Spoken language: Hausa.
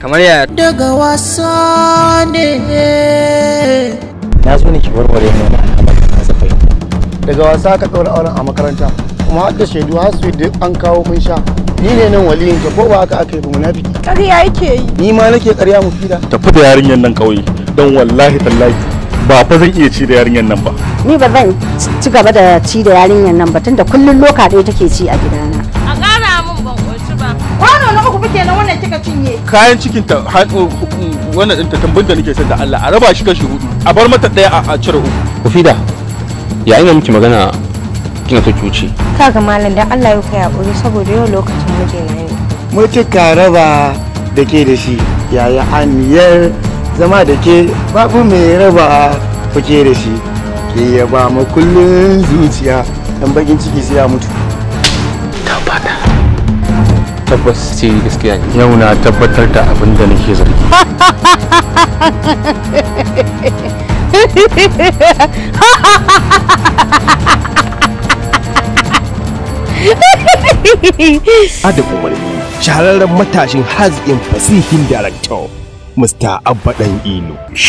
kamar ya daga wasa ne na zo ne ki warware ne na al'amari na zafa daga wasa ka ɗaura auren a makaranta kuma haka shaidu har su da an kawo kun sha ni ne nan waliyin ka ko ba haka aka yi ba munafiki ƙarya yake yi ni ma nake ƙarya mu fida tafi da yarinyar nan kawai don wallahi tallahi ba fa zan iya ci da yarinyar nan ba ni ba zan ci gaba da ci da yarinyar nan ba tunda kullun loka ɗaya take ci a gidana kika cinye kayan cikin ta uh, uh, wannan ɗinta tambun da nake son da Allah a raba shi kashi hudu a bar mata ɗaya a cire uku kufida ya yi miki magana kina so ki wuce kaga malam dan Allah ya kai hakuri saboda yau lokacin Mu ci ka raba da ke da shi yaya aniyar zama da ke babu mai raba ke da shi ke ya ba mu kullum zuciya dan bakin ciki sai ya mutu tabbas ce gaskiya ne yau na tabbatar da abin da nake zargi Adam umarni shahararren matashin hazin fasihin director Mr. Abba Dan ino